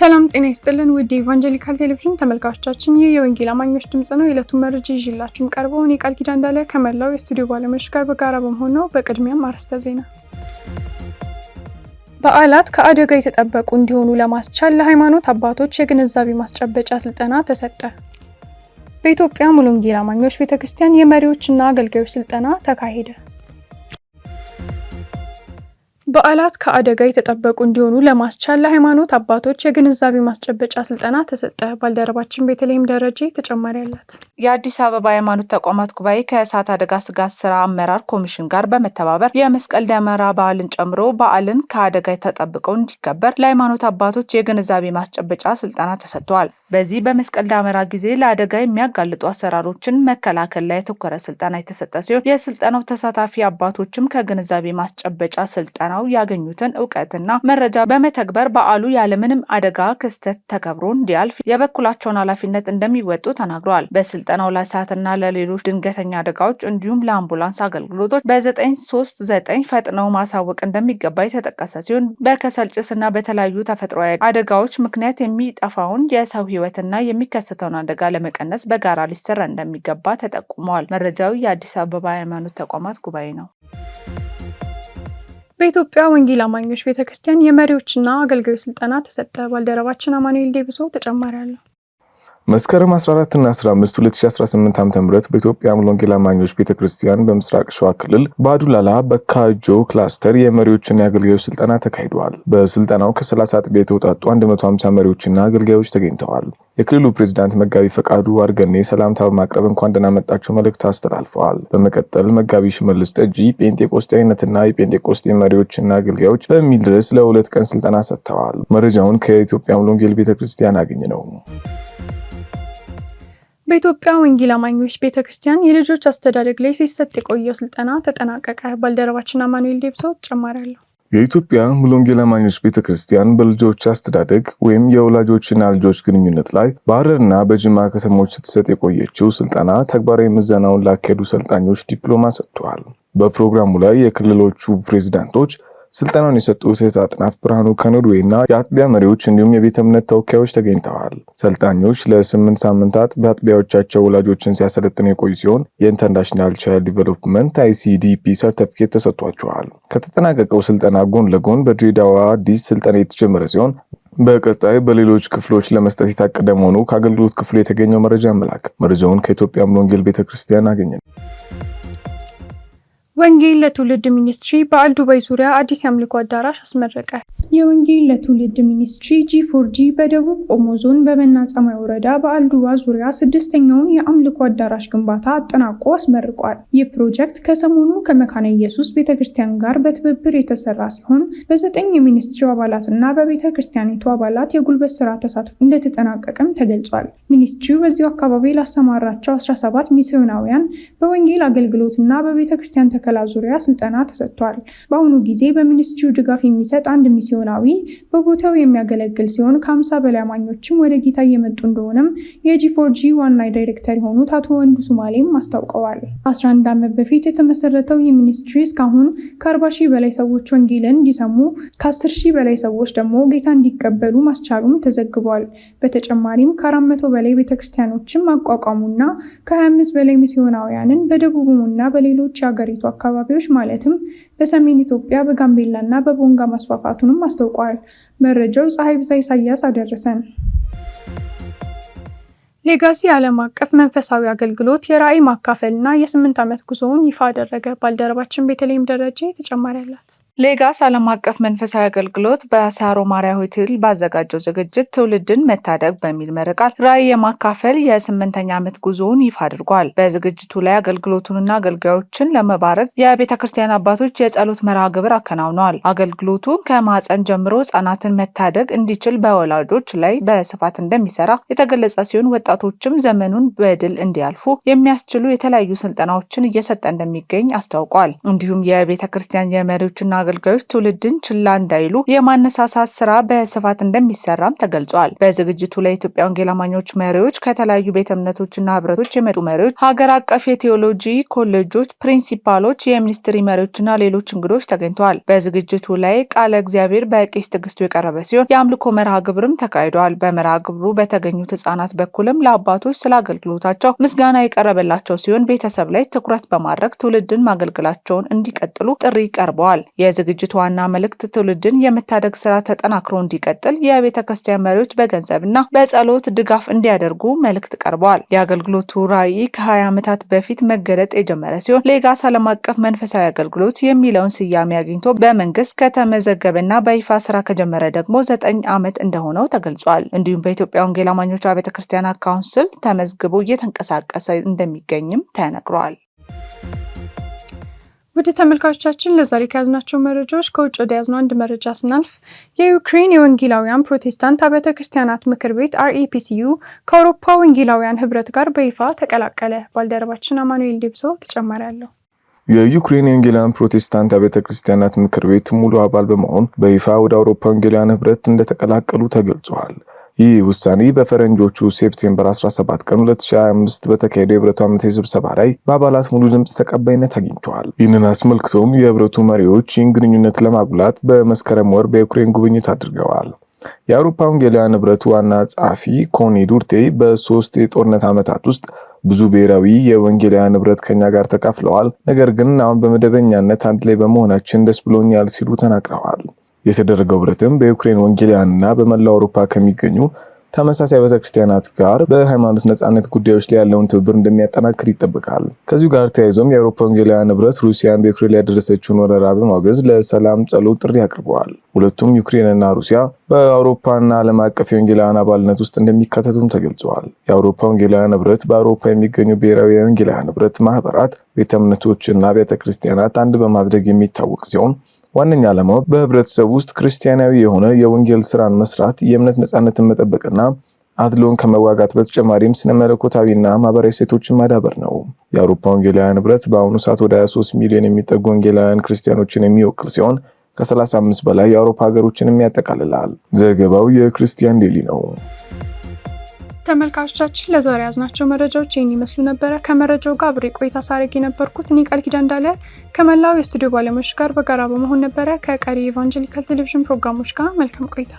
ሰላም ጤና ይስጥልን ውድ የኢቫንጀሊካል ቴሌቪዥን ተመልካቾቻችን፣ ይህ የወንጌል አማኞች ድምጽ ነው። የዕለቱን መረጃ ይዤላችሁ ቀርበው እኔ ቃል ኪዳን እንዳለ ከመላው የስቱዲዮ ባለሙያዎች ጋር በጋራ በመሆን ነው። በቅድሚያም አርዕስተ ዜና። በዓላት ከአደጋ የተጠበቁ እንዲሆኑ ለማስቻል ለሃይማኖት አባቶች የግንዛቤ ማስጨበጫ ስልጠና ተሰጠ። በኢትዮጵያ ሙሉ ወንጌል አማኞች ቤተክርስቲያን የመሪዎችና አገልጋዮች ስልጠና ተካሄደ። በዓላት ከአደጋ የተጠበቁ እንዲሆኑ ለማስቻል ለሃይማኖት አባቶች የግንዛቤ ማስጨበጫ ስልጠና ተሰጠ። ባልደረባችን በተለይም ደረጀ ተጨማሪ አላት። የአዲስ አበባ ሃይማኖት ተቋማት ጉባኤ ከእሳት አደጋ ስጋት ስራ አመራር ኮሚሽን ጋር በመተባበር የመስቀል ደመራ በዓልን ጨምሮ በዓልን ከአደጋ ተጠብቀው እንዲከበር ለሃይማኖት አባቶች የግንዛቤ ማስጨበጫ ስልጠና ተሰጥተዋል። በዚህ በመስቀል ደመራ ጊዜ ለአደጋ የሚያጋልጡ አሰራሮችን መከላከል ላይ የተኮረ ስልጠና የተሰጠ ሲሆን የስልጠናው ተሳታፊ አባቶችም ከግንዛቤ ማስጨበጫ ስልጠና። ከስልጠናው ያገኙትን እውቀትና መረጃ በመተግበር በዓሉ ያለምንም አደጋ ክስተት ተከብሮ እንዲያልፍ የበኩላቸውን ኃላፊነት እንደሚወጡ ተናግረዋል። በስልጠናው ለእሳትና ለሌሎች ድንገተኛ አደጋዎች እንዲሁም ለአምቡላንስ አገልግሎቶች በ939 ፈጥነው ማሳወቅ እንደሚገባ የተጠቀሰ ሲሆን በከሰል ጭስና በተለያዩ ተፈጥሯዊ አደጋዎች ምክንያት የሚጠፋውን የሰው ሕይወትና የሚከሰተውን አደጋ ለመቀነስ በጋራ ሊሰራ እንደሚገባ ተጠቁመዋል። መረጃው የአዲስ አበባ ሃይማኖት ተቋማት ጉባኤ ነው። በኢትዮጵያ ወንጌል አማኞች ቤተክርስቲያን የመሪዎችና አገልጋዮች ስልጠና ተሰጠ። ባልደረባችን አማኑኤል ዴብሶ ተጨማሪ አለው። መስከረም 14 እና 15 2018 ዓ.ም በኢትዮጵያ ሙሉ ወንጌል አማኞች ቤተክርስቲያን በምስራቅ ሸዋ ክልል ባዱላላ በካጆ ክላስተር የመሪዎችና የአገልጋዮች ስልጠና ተካሂደዋል። በስልጠናው ከ30 አጥቢያ የተውጣጡ 150 መሪዎችና አገልጋዮች ተገኝተዋል። የክልሉ ፕሬዝዳንት መጋቢ ፈቃዱ አርገኔ ሰላምታ በማቅረብ እንኳን ደህና መጣችሁ መልእክት አስተላልፈዋል። በመቀጠል መጋቢ ሽመልስ ጠጂ ጴንጤቆስጤነትና የጴንጤቆስጤ መሪዎችና አገልጋዮች በሚል ርዕስ ለሁለት ቀን ስልጠና ሰጥተዋል። መረጃውን ከኢትዮጵያ ሙሉ ወንጌል ቤተክርስቲያን አገኘ ነው። በኢትዮጵያ ወንጌል አማኞች ቤተ ክርስቲያን የልጆች አስተዳደግ ላይ ሲሰጥ የቆየው ስልጠና ተጠናቀቀ። ባልደረባችን አማኑኤል ዴብሶ ጭማሪ አለው። የኢትዮጵያ ሙሉ ወንጌል አማኞች ቤተ ክርስቲያን በልጆች አስተዳደግ ወይም የወላጆችና ልጆች ግንኙነት ላይ በሐረርና በጅማ ከተሞች ስትሰጥ የቆየችው ስልጠና ተግባራዊ ምዘናውን ላካሄዱ ሰልጣኞች ዲፕሎማ ሰጥተዋል። በፕሮግራሙ ላይ የክልሎቹ ፕሬዚዳንቶች ስልጠናውን የሰጡ እህት አጥናፍ ብርሃኑ ከኖርዌይ እና የአጥቢያ መሪዎች እንዲሁም የቤተ እምነት ተወካዮች ተገኝተዋል። ሰልጣኞች ለስምንት ሳምንታት በአጥቢያዎቻቸው ወላጆችን ሲያሰለጥኑ የቆዩ ሲሆን የኢንተርናሽናል ቻይልድ ዲቨሎፕመንት አይሲዲፒ ሰርተፍኬት ተሰጥቷቸዋል። ከተጠናቀቀው ስልጠና ጎን ለጎን በድሬዳዋ አዲስ ስልጠና የተጀመረ ሲሆን በቀጣይ በሌሎች ክፍሎች ለመስጠት የታቀደ መሆኑ ከአገልግሎት ክፍሉ የተገኘው መረጃ አመላክት። መረጃውን ከኢትዮጵያ ወንጌል ቤተ ክርስቲያን ወንጌል ለትውልድ ሚኒስትሪ በአል ዱባይ ዙሪያ አዲስ የአምልኮ አዳራሽ አስመረቀ። የወንጌል ለትውልድ ሚኒስትሪ ጂ ፎር ጂ በደቡብ ኦሞ ዞን በመና ጸማይ ወረዳ በአል ዱባ ዙሪያ ስድስተኛውን የአምልኮ አዳራሽ ግንባታ አጠናቆ አስመርቋል። ይህ ፕሮጀክት ከሰሞኑ ከመካነ ኢየሱስ ቤተ ክርስቲያን ጋር በትብብር የተሰራ ሲሆን በዘጠኝ የሚኒስትሪው አባላትና በቤተ ክርስቲያኒቱ አባላት የጉልበት ስራ ተሳትፎ እንደተጠናቀቀም ተገልጿል። ሚኒስትሪው በዚሁ አካባቢ ላሰማራቸው 17 ሚስዮናውያን በወንጌል አገልግሎትና በቤተ ክርስቲያን ተከ ክልከላ ዙሪያ ስልጠና ተሰጥቷል። በአሁኑ ጊዜ በሚኒስትሪው ድጋፍ የሚሰጥ አንድ ሚስዮናዊ በቦታው የሚያገለግል ሲሆን ከ5ምሳ በላይ አማኞችም ወደ ጌታ እየመጡ እንደሆነም የጂፎርጂ ዋና ዳይሬክተር የሆኑት አቶ ወንዱ ሱማሌም አስታውቀዋል ከ11 ዓመት በፊት የተመሰረተው ይህ ሚኒስትሪ እስካሁን ከ40 ሺህ በላይ ሰዎች ወንጌልን እንዲሰሙ ከ10 ሺህ በላይ ሰዎች ደግሞ ጌታ እንዲቀበሉ ማስቻሉም ተዘግቧል። በተጨማሪም ከ400 በላይ ቤተክርስቲያኖችን ማቋቋሙና ከ25 በላይ ሚስዮናውያንን በደቡቡና በሌሎች የአገሪቱ አካባቢዎች ማለትም በሰሜን ኢትዮጵያ በጋምቤላ እና በቦንጋ ማስፋፋቱንም አስታውቋል። መረጃው ፀሐይ ብዛ ኢሳያስ አደረሰን። ሌጋሲ ዓለም አቀፍ መንፈሳዊ አገልግሎት የራዕይ እና የስምንት ዓመት ጉዞውን ይፋ አደረገ። ባልደረባችን ቤተልሔም ደረጀ ተጨማሪ አላት። ሌጋስ ዓለም አቀፍ መንፈሳዊ አገልግሎት በሳሮ ማሪያ ሆቴል ባዘጋጀው ዝግጅት ትውልድን መታደግ በሚል መሪ ቃል ራዕይ የማካፈል የስምንተኛ ዓመት ጉዞውን ይፋ አድርጓል። በዝግጅቱ ላይ አገልግሎቱንና አገልጋዮችን ለመባረግ የቤተ ክርስቲያን አባቶች የጸሎት መርሃ ግብር አከናውነዋል። አገልግሎቱ ከማፀን ጀምሮ ህጻናትን መታደግ እንዲችል በወላጆች ላይ በስፋት እንደሚሰራ የተገለጸ ሲሆን ወጣቶችም ዘመኑን በድል እንዲያልፉ የሚያስችሉ የተለያዩ ስልጠናዎችን እየሰጠ እንደሚገኝ አስታውቋል። እንዲሁም የቤተ ክርስቲያን የመሪዎችና አገልጋዮች ትውልድን ችላ እንዳይሉ የማነሳሳት ስራ በስፋት እንደሚሰራም ተገልጿል። በዝግጅቱ ላይ የኢትዮጵያ ወንጌል አማኞች መሪዎች፣ ከተለያዩ ቤተ እምነቶችና ህብረቶች የመጡ መሪዎች፣ ሀገር አቀፍ የቴዎሎጂ ኮሌጆች ፕሪንሲፓሎች፣ የሚኒስትሪ መሪዎችና ሌሎች እንግዶች ተገኝተዋል። በዝግጅቱ ላይ ቃለ እግዚአብሔር በቄስ ትዕግስቱ የቀረበ ሲሆን የአምልኮ መርሃ ግብርም ተካሂደዋል። በመርሃ ግብሩ በተገኙት ህጻናት በኩልም ለአባቶች ስለ አገልግሎታቸው ምስጋና የቀረበላቸው ሲሆን ቤተሰብ ላይ ትኩረት በማድረግ ትውልድን ማገልገላቸውን እንዲቀጥሉ ጥሪ ቀርበዋል። የዝግጅቱ ዋና መልእክት ትውልድን የመታደግ ስራ ተጠናክሮ እንዲቀጥል የቤተ ክርስቲያን መሪዎች በገንዘብና በጸሎት ድጋፍ እንዲያደርጉ መልእክት ቀርበዋል። የአገልግሎቱ ራዕይ ከ20 ዓመታት በፊት መገለጥ የጀመረ ሲሆን ሌጋስ ዓለም አቀፍ መንፈሳዊ አገልግሎት የሚለውን ስያሜ አግኝቶ በመንግስት ከተመዘገበና በይፋ ስራ ከጀመረ ደግሞ ዘጠኝ ዓመት እንደሆነው ተገልጿል። እንዲሁም በኢትዮጵያ ወንጌል አማኞች ቤተ ክርስቲያን ካውንስል ተመዝግቦ እየተንቀሳቀሰ እንደሚገኝም ተነግሯል። ውድ ተመልካቾቻችን ለዛሬ ከያዝናቸው መረጃዎች ከውጭ ወደ ያዝነው አንድ መረጃ ስናልፍ የዩክሬን የወንጌላውያን ፕሮቴስታንት አብያተ ክርስቲያናት ምክር ቤት አርኤፒሲዩ ከአውሮፓ ወንጌላውያን ህብረት ጋር በይፋ ተቀላቀለ። ባልደረባችን አማኑኤል ዲብሶ ተጨማሪ አለው። የዩክሬን የወንጌላውያን ፕሮቴስታንት አብያተ ክርስቲያናት ምክር ቤት ሙሉ አባል በመሆን በይፋ ወደ አውሮፓ ወንጌላውያን ህብረት እንደተቀላቀሉ ተገልጿል። ይህ ውሳኔ በፈረንጆቹ ሴፕቴምበር 17 ቀን 2025 በተካሄደው የህብረቱ ዓመታዊ ስብሰባ ላይ በአባላት ሙሉ ድምፅ ተቀባይነት አግኝተዋል። ይህንን አስመልክቶም የህብረቱ መሪዎች ይህን ግንኙነት ለማጉላት በመስከረም ወር በዩክሬን ጉብኝት አድርገዋል። የአውሮፓ ወንጌላውያን ህብረቱ ዋና ጸሐፊ ኮኒ ዱርቴ በሶስት የጦርነት ዓመታት ውስጥ ብዙ ብሔራዊ የወንጌላውያን ህብረት ከኛ ጋር ተካፍለዋል፣ ነገር ግን አሁን በመደበኛነት አንድ ላይ በመሆናችን ደስ ብሎኛል ሲሉ ተናግረዋል። የተደረገው ብረትም በዩክሬን ወንጌላውያንና በመላው አውሮፓ ከሚገኙ ተመሳሳይ ቤተክርስቲያናት ጋር በሃይማኖት ነጻነት ጉዳዮች ላይ ያለውን ትብብር እንደሚያጠናክር ይጠበቃል። ከዚሁ ጋር ተያይዞም የአውሮፓ ወንጌላውያን ህብረት ሩሲያን በዩክሬን ላይ ያደረሰችውን ወረራ በማውገዝ ለሰላም ጸሎት ጥሪ አቅርበዋል። ሁለቱም ዩክሬንና ሩሲያ በአውሮፓና ዓለም አቀፍ የወንጌላውያን አባልነት ውስጥ እንደሚካተቱም ተገልጸዋል። የአውሮፓ ወንጌላውያን ህብረት በአውሮፓ የሚገኙ ብሔራዊ የወንጌላውያን ህብረት ማህበራት፣ ቤተ እምነቶችና ቤተክርስቲያናት አንድ በማድረግ የሚታወቅ ሲሆን ዋነኛ ዓላማው በህብረተሰብ ውስጥ ክርስቲያናዊ የሆነ የወንጌል ስራን መስራት፣ የእምነት ነጻነትን መጠበቅና አድሎን ከመዋጋት በተጨማሪም ስነ መለኮታዊና ማህበራዊ ሴቶችን ማዳበር ነው። የአውሮፓ ወንጌላውያን ህብረት በአሁኑ ሰዓት ወደ 23 ሚሊዮን የሚጠጉ ወንጌላውያን ክርስቲያኖችን የሚወክል ሲሆን ከ35 በላይ የአውሮፓ ሀገሮችንም ያጠቃልላል። ዘገባው የክርስቲያን ዴሊ ነው። ተመልካቾቻችን ለዛሬ ያዝናቸው መረጃዎች ይህን ይመስሉ ነበረ። ከመረጃው ጋር አብሬ ቆይታ ሳረግ የነበርኩት እኔ ቃል ኪዳን እንዳለ ከመላው የስቱዲዮ ባለሙያዎች ጋር በጋራ በመሆን ነበረ። ከቀሪ ኢቫንጀሊካል ቴሌቪዥን ፕሮግራሞች ጋር መልካም ቆይታ